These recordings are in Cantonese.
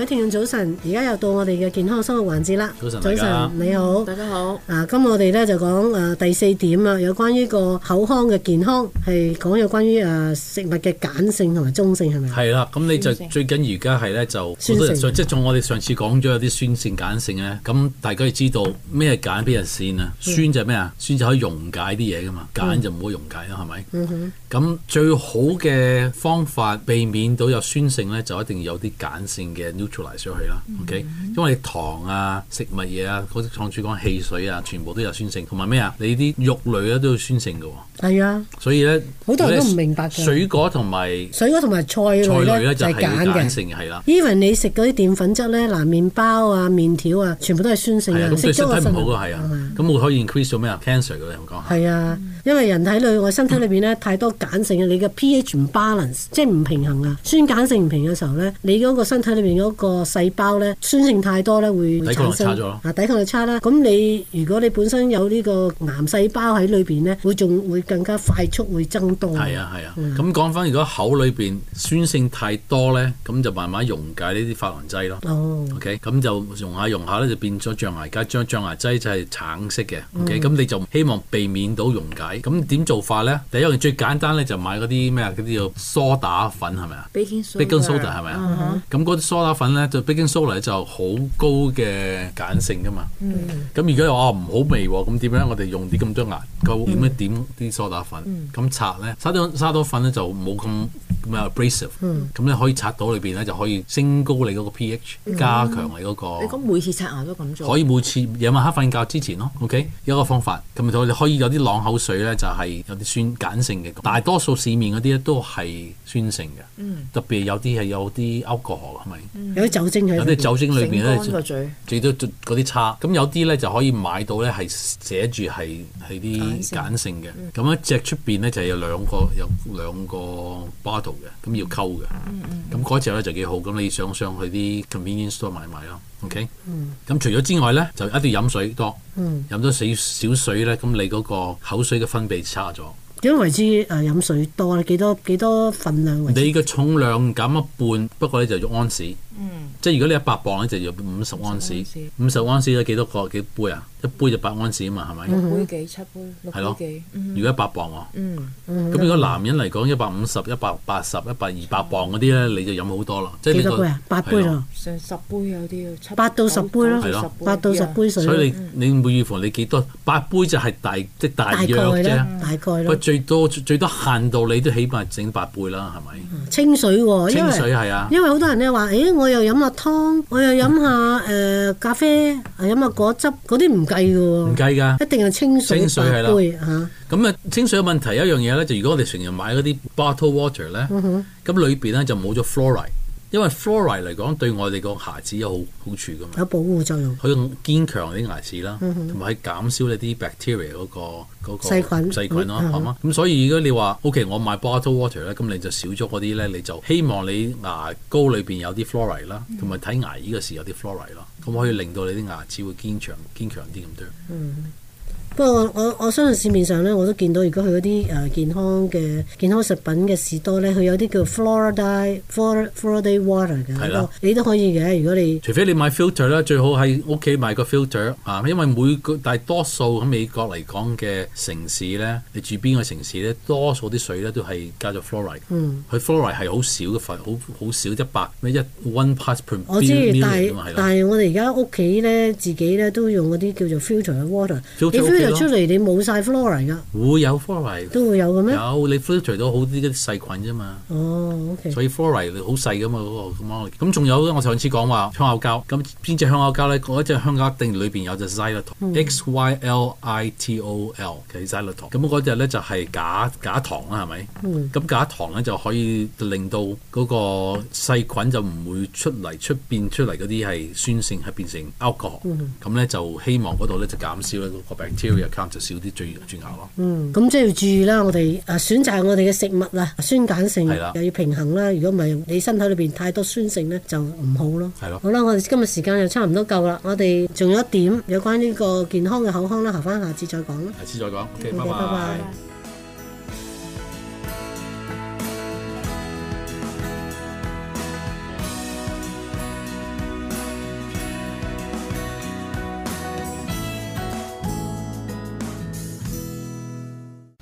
各位聽眾早晨，而家又到我哋嘅健康生活環節啦。早晨，早晨，你好，嗯、大家好。嗱、啊，今我哋咧就講誒、呃、第四點啊，有關於個口腔嘅健康，係講有關於誒、呃、食物嘅鹼性同埋中性係咪？係啦，咁你就最緊而家係咧就多人，即係仲我哋上次講咗有啲酸性鹼性咧，咁大家要知道咩鹼邊人酸啊？酸就係咩啊？酸就可以溶解啲嘢噶嘛，鹼就唔好溶解啦，係、嗯、咪？咁、嗯、最好嘅方法避免到有酸性咧，就一定要有啲鹼性嘅嚟咗去啦，OK，因為糖啊、食物嘢啊、嗰啲廠主講汽水啊，全部都有酸性，同埋咩啊？你啲肉類咧都有酸性嘅、哦，係啊，所以咧好多人都唔明白水果同埋水果同埋菜類呢菜咧就係鹼、就是、性係啦。因為、啊、你食嗰啲澱粉質咧，嗱麵包啊、麵條啊，全部都係酸性，咁對身體唔好嘅係啊。咁、啊啊啊、我可以 increase 到咩啊？cancer 嗰啲你講係啊。因為人體裏，我身體裏邊咧太多鹼性嘅，嗯、你嘅 pH 唔 balance，即係唔平衡啊、就是！酸鹼性唔平衡嘅時候咧，你嗰個身體裏邊嗰個細胞咧酸性太多咧，會抵抗力差咗。嗱抵抗力差啦。咁你如果你本身有呢個癌細胞喺裏邊咧，會仲會更加快速會增多。係啊係啊。咁講翻，如果口裏邊酸性太多咧，咁就慢慢溶解呢啲琺瑯質咯。哦、OK，咁就溶下溶下咧，就變咗象牙膠，將象牙劑就係橙色嘅。OK，咁、嗯、你就希望避免到溶解。咁點做法咧？第一樣最簡單咧，就買嗰啲咩？嗰啲叫梳打粉係咪啊？Baking soda 係咪啊？咁嗰啲梳打粉咧，就 baking soda 就好高嘅鹼性噶嘛。咁、mm-hmm. 如果我唔好味，咁點樣？我哋用啲咁多牙膏點、mm-hmm. 樣點啲梳打粉，咁擦咧，擦沙多粉咧就冇咁。咁啊 abrasive 咁、嗯、咧可以刷到裏邊咧，就可以升高你嗰個 pH，、嗯、加強你嗰、嗰個。你咁每次刷牙都咁做？可以每次夜晚黑瞓覺之前咯，OK，、嗯、有一個方法。咁我哋可以有啲朗口水咧，就係有啲酸鹼性嘅。但係多數市面嗰啲咧都係酸性嘅、嗯。特別有啲係有啲 alcohol 係咪？有啲酒精有啲酒精裏邊咧，最多最嗰啲叉。咁有啲咧就可以買到咧係寫住係係啲鹼性嘅。咁、嗯、一隻出邊咧就有兩個有兩個 bottle, 咁要溝嘅，咁嗰一次咧就幾好。咁你想上去啲 convenience store 買買咯，OK？咁、嗯嗯嗯、除咗之外咧，就一定要水、嗯水那那水為為呃、飲水多，飲多少多少水咧，咁你嗰個口水嘅分泌差咗。點為之誒飲水多咧？幾多幾多份量？你嘅重量減一半，不過咧就要安士。嗯、即係如果你一百磅咧，就要五十安士，五十安士咧幾多個幾杯啊？一杯就八安士啊嘛，係咪？六杯幾七杯，六杯、嗯、如果一百磅喎、啊，咁、嗯、如果男人嚟講一百五十、一百八十、一百二百磅嗰啲咧，你就飲好多啦。幾多杯啊？就是、八杯咯、啊，成十杯有啲八到十杯咯、啊啊啊，八到十杯水、啊。所以你，你每預防你幾多、嗯？八杯就係大即、就是、大約啫，大概，大概最多最多限度你都起碼整八杯啦、啊，係咪、嗯？清水喎，清水係啊，因為好、啊、多人咧話，誒、哎我又飲下湯，我又飲下誒、呃、咖啡，飲下果汁，嗰啲唔計噶喎，唔計噶，一定係清水，清水一杯吓。咁啊，清水嘅、啊、問題有一樣嘢咧，就如果我哋成日買嗰啲 bottle water 咧、嗯，咁裏邊咧就冇咗 fluoride。因為 fluoride 嚟講對我哋個牙齒有好好處㗎嘛，有保護作用，可以堅強啲牙齒啦，同埋可以減少你啲 bacteria 嗰、嗰個細菌細菌咯，係嘛？咁、嗯嗯嗯、所以如果你話 OK，我買 bottle water 咧，咁你就少咗嗰啲咧，你就希望你牙膏裏面有啲 fluoride 啦、嗯，同埋睇牙醫嘅時候有啲 fluoride 咯、嗯，咁可以令到你啲牙齒會堅強堅強啲咁多。不過我我，我相信市面上咧我都見到，如果佢嗰啲誒健康嘅健康食品嘅士多咧，佢有啲叫 Florida Flor Florida Water 嘅，都你都可以嘅。如果你除非你買 filter 啦，最好喺屋企買個 filter 啊，因為每個大多數喺美國嚟講嘅城市咧，你住邊個城市咧，多數啲水咧都係加咗 fluoride 佢、嗯、fluoride 係好少嘅份，好好少一百咩一 one part per 我知 million，但，但係我哋而家屋企咧自己咧都用嗰啲叫做 filter 嘅 water。出嚟你冇晒 fluoride 噶，會、哦、有 fluoride，都會有嘅咩？有你 filter 到好啲嗰啲細菌啫嘛。哦，OK。所以 fluoride 好細㗎嘛嗰、嗰個咁樣。咁仲有呢，我上次講話香口膠，咁邊隻香口膠呢？嗰隻香口膠定裏面有隻 x y l i t o l x 咁嗰隻呢就係、嗯嗰個、假、假糖係咪？咁、嗯、假糖呢就可以令到嗰個細菌就唔會出嚟出邊出嚟嗰啲係酸性，係變成 alcohol 咁呢就希望嗰度呢就減少呢個 bacteria。就少啲蛀牙，蛀牙咯，嗯。嗯，咁即係要注意啦，我哋啊選擇我哋嘅食物啦，酸鹼性又要平衡啦。如果唔係，你身體裏邊太多酸性呢，就唔好咯。係咯。好啦，我哋今日時間又差唔多夠啦。我哋仲有一點有關呢個健康嘅口腔啦，留翻下次再講啦。下次再講。拜、okay, 拜。Okay, bye bye。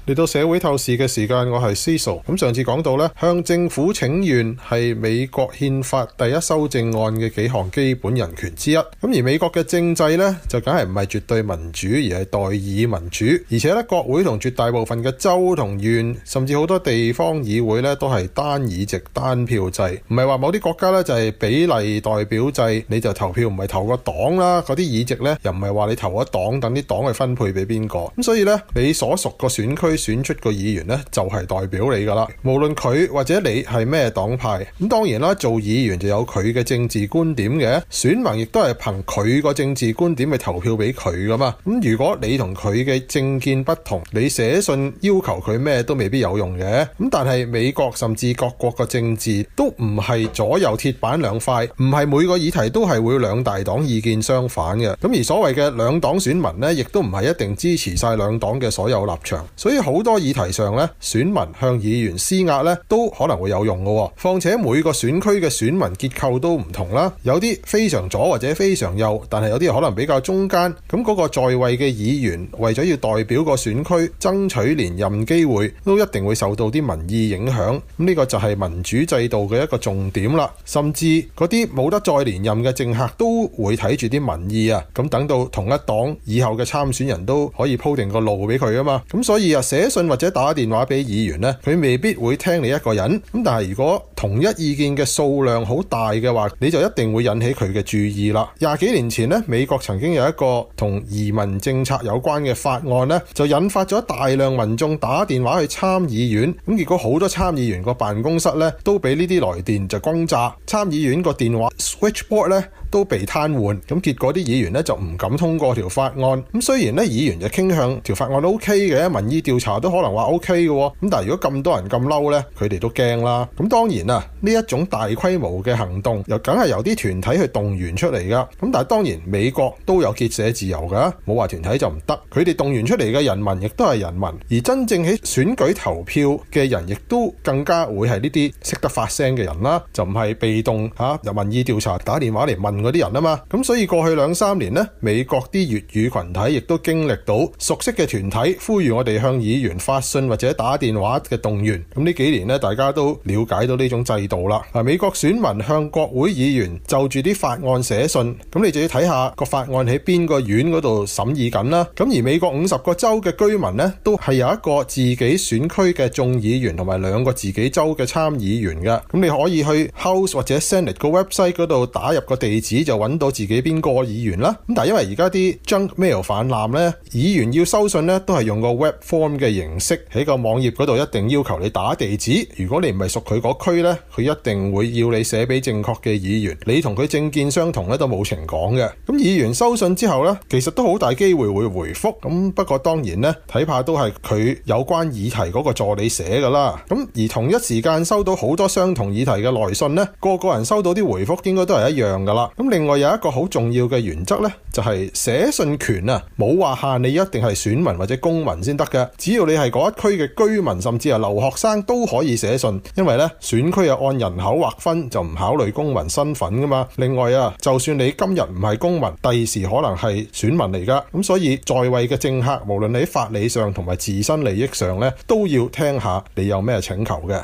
嚟到社會透視嘅時間，我係 Cecil。咁上次講到咧，向政府請願係美國憲法第一修正案嘅幾項基本人權之一。咁而美國嘅政制咧，就梗係唔係絕對民主，而係代議民主。而且咧，國會同絕大部分嘅州同縣，甚至好多地方議會咧，都係單議席單票制，唔係話某啲國家咧就係比例代表制，你就投票唔係投個黨啦。嗰啲議席咧又唔係話你投一黨，等啲黨去分配俾邊個。咁所以咧，你所屬個選區。選出個議員呢，就係代表你噶啦，無論佢或者你係咩黨派，咁當然啦，做議員就有佢嘅政治觀點嘅，選民亦都係憑佢個政治觀點去投票俾佢噶嘛。咁如果你同佢嘅政見不同，你寫信要求佢咩都未必有用嘅。咁但係美國甚至各國嘅政治都唔係左右鐵板兩塊，唔係每個議題都係會兩大黨意見相反嘅。咁而所謂嘅兩黨選民呢，亦都唔係一定支持晒兩黨嘅所有立場，所以。好多議題上咧，選民向議員施壓咧，都可能會有用㗎。況且每個選區嘅選民結構都唔同啦，有啲非常左或者非常右，但係有啲可能比較中間。咁、那、嗰個在位嘅議員為咗要代表個選區爭取連任機會，都一定會受到啲民意影響。咁呢個就係民主制度嘅一個重點啦。甚至嗰啲冇得再連任嘅政客都會睇住啲民意啊，咁等到同一黨以後嘅參選人都可以鋪定個路俾佢啊嘛。咁所以啊，寫信或者打電話俾議員呢，佢未必會聽你一個人。咁但係如果同一意見嘅數量好大嘅話，你就一定會引起佢嘅注意啦。廿幾年前呢，美國曾經有一個同移民政策有關嘅法案呢，就引發咗大量民眾打電話去參議院。咁結果好多參議員個辦公室呢，都俾呢啲來電就轟炸參議院個電話 switchboard 呢，都被癱瘓，咁結果啲議員咧就唔敢通過條法案。咁雖然咧議員就傾向條法案都 OK 嘅，民意調查都可能話 OK 嘅，咁但係如果咁多人咁嬲呢，佢哋都驚啦。咁當然啦、啊、呢一種大規模嘅行動又梗係由啲團體去動員出嚟㗎。咁但係當然美國都有結社自由㗎，冇話團體就唔得。佢哋動員出嚟嘅人民亦都係人民，而真正喺選舉投票嘅人亦都更加會係呢啲識得發聲嘅人啦，就唔係被動吓、啊、由民意調查打電話嚟問。啲人啊嘛，咁所以過去兩三年呢，美國啲粵語群體亦都經歷到熟悉嘅團體呼籲我哋向議員發信或者打電話嘅動員。咁呢幾年呢，大家都了解到呢種制度啦。啊，美國選民向國會議員就住啲法案寫信，咁你就要睇下個法案喺邊個院嗰度審議緊啦。咁而美國五十個州嘅居民呢，都係有一個自己選區嘅眾議員同埋兩個自己州嘅參議員㗎。咁你可以去 House 或者 Senate 個 website 嗰度打入個地址。就揾到自己邊個議員啦。咁但係因為而家啲 junk mail 泛濫呢，議員要收信呢，都係用個 web form 嘅形式，喺個網頁嗰度，一定要求你打地址。如果你唔係屬佢嗰區呢，佢一定會要你寫俾正確嘅議員。你同佢政見相同咧，都冇情講嘅。咁議員收信之後呢，其實都好大機會會回覆。咁不過當然呢，睇怕都係佢有關議題嗰個助理寫噶啦。咁而同一時間收到好多相同議題嘅來信呢，個個人收到啲回覆應該都係一樣噶啦。咁另外有一個好重要嘅原則呢，就係、是、寫信權啊，冇話限你一定係選民或者公民先得嘅，只要你係嗰一區嘅居民，甚至係留學生都可以寫信，因為呢選區又按人口劃分，就唔考慮公民身份噶嘛。另外啊，就算你今日唔係公民，第時可能係選民嚟噶，咁所以在位嘅政客，無論你喺法理上同埋自身利益上呢，都要聽下你有咩請求嘅。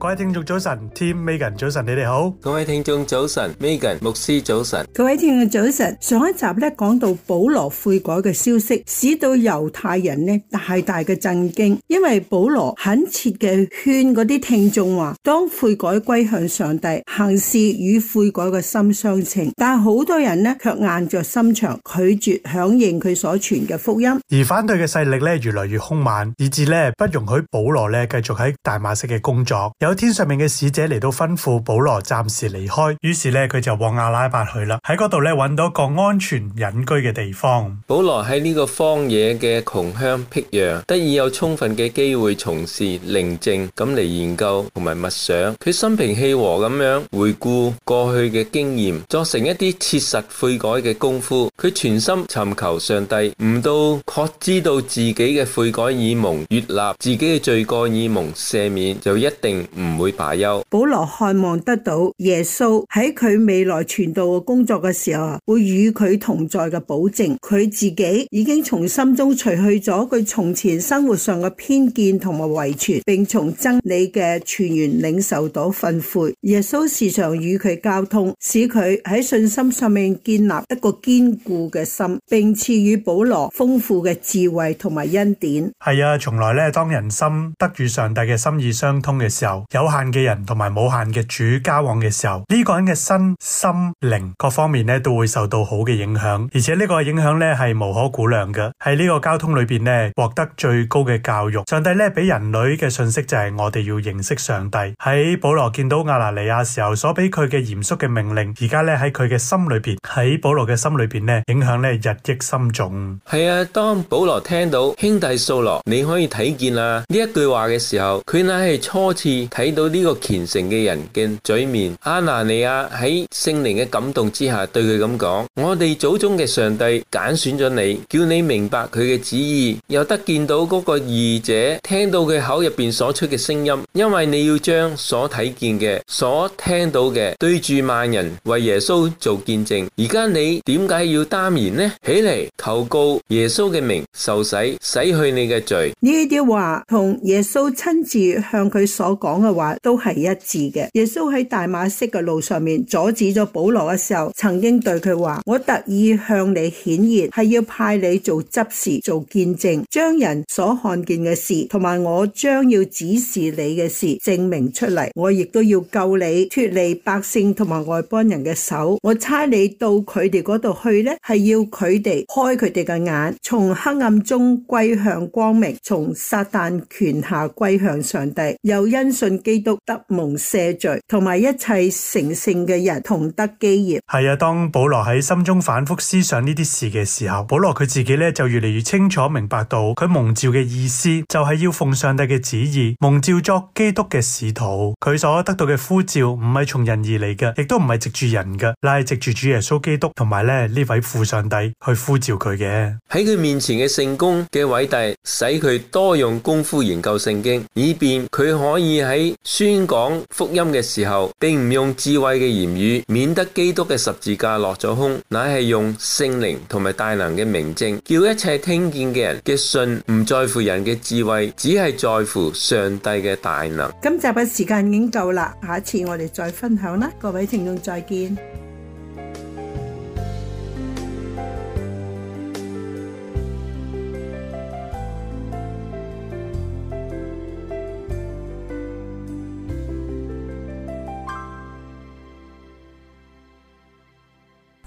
各位聽眾早晨，Tim Megan 早晨，你哋好。各位聽眾早晨，Megan 牧師早晨。各位聽眾早晨。上一集咧，講到保羅悔改嘅消息，使到猶太人咧大大嘅震驚，因為保羅懇切嘅勸嗰啲聽眾話，當悔改歸向上帝，行事與悔改嘅心相稱。但係好多人咧卻硬著心腸拒絕響應佢所傳嘅福音，而反對嘅勢力咧越嚟越兇猛，以致咧不容許保羅咧繼續喺大馬色嘅工作。有天上面嘅使者嚟到吩咐保羅暫時離開，於是咧佢就往阿拉伯去啦。喺嗰度咧揾到一個安全隱居嘅地方。保羅喺呢個荒野嘅窮鄉僻壤，得以有充分嘅機會從事寧靜咁嚟研究同埋默想。佢心平氣和咁樣回顧過去嘅經驗，作成一啲切實悔改嘅功夫。佢全心尋求上帝，唔到確知道自己嘅悔改已蒙悅納，自己嘅罪過已蒙赦免，就一定唔會罷休。保羅盼望得到耶穌喺佢未來傳道工作嘅時候，會與佢同在嘅保證。佢自己已經從心中除去咗佢從前生活上嘅偏見同埋遺傳，並從真理嘅全員領受到憤悔。耶穌時常與佢交通，使佢喺信心上面建立一個堅固嘅心，並賜予保羅豐富嘅智慧同埋恩典。係啊，從來呢，當人心得與上帝嘅心意相通嘅時候。有限嘅人同埋無限嘅主交往嘅時候，呢個人嘅身、心、靈各方面咧都會受到好嘅影響，而且呢個影響咧係無可估量嘅。喺呢個交通裏邊咧，獲得最高嘅教育。上帝咧俾人類嘅信息就係我哋要認識上帝。喺保羅見到亞拿尼亞時候所俾佢嘅嚴肅嘅命令，而家咧喺佢嘅心裏邊，喺保羅嘅心裏邊咧影響咧日益深重。係啊，當保羅聽到兄弟掃羅，你可以睇見啦呢一句話嘅時候，佢乃係初次。睇到呢個虔誠嘅人嘅嘴面，阿拿尼亞喺聖靈嘅感動之下，對佢咁講：我哋祖宗嘅上帝揀選咗你，叫你明白佢嘅旨意，又得見到嗰個義者，聽到佢口入邊所出嘅聲音，因為你要將所睇見嘅、所聽到嘅，對住萬人為耶穌做見證。而家你點解要擔言呢？起嚟求告耶穌嘅名，受洗，洗去你嘅罪。呢啲話同耶穌親自向佢所講嘅。話都係一致嘅。耶穌喺大馬色嘅路上面阻止咗保羅嘅時候，曾經對佢話：我特意向你顯現，係要派你做執事、做見證，將人所看見嘅事同埋我將要指示你嘅事證明出嚟。我亦都要救你脫離百姓同埋外邦人嘅手。我差你到佢哋嗰度去呢，係要佢哋開佢哋嘅眼，從黑暗中歸向光明，從撒但權下歸向上帝，又因基督得蒙赦罪，同埋一切成聖嘅人同得基業。係啊，當保羅喺心中反覆思想呢啲事嘅時候，保羅佢自己咧就越嚟越清楚明白到佢蒙召嘅意思，就係要奉上帝嘅旨意蒙召作基督嘅使徒。佢所得到嘅呼召唔係從人而嚟嘅，亦都唔係藉住人嘅，乃係藉住主耶穌基督同埋咧呢這位父上帝去呼召佢嘅。喺佢面前嘅聖工嘅偉大，使佢多用功夫研究聖經，以便佢可以喺宣講福音嘅時候，並唔用智慧嘅言語，免得基督嘅十字架落咗空，乃係用聖靈同埋大能嘅明證，叫一切聽見嘅人嘅信，唔在乎人嘅智慧，只係在乎上帝嘅大能。今集嘅時間已經夠啦，下一次我哋再分享啦，各位聽眾再見。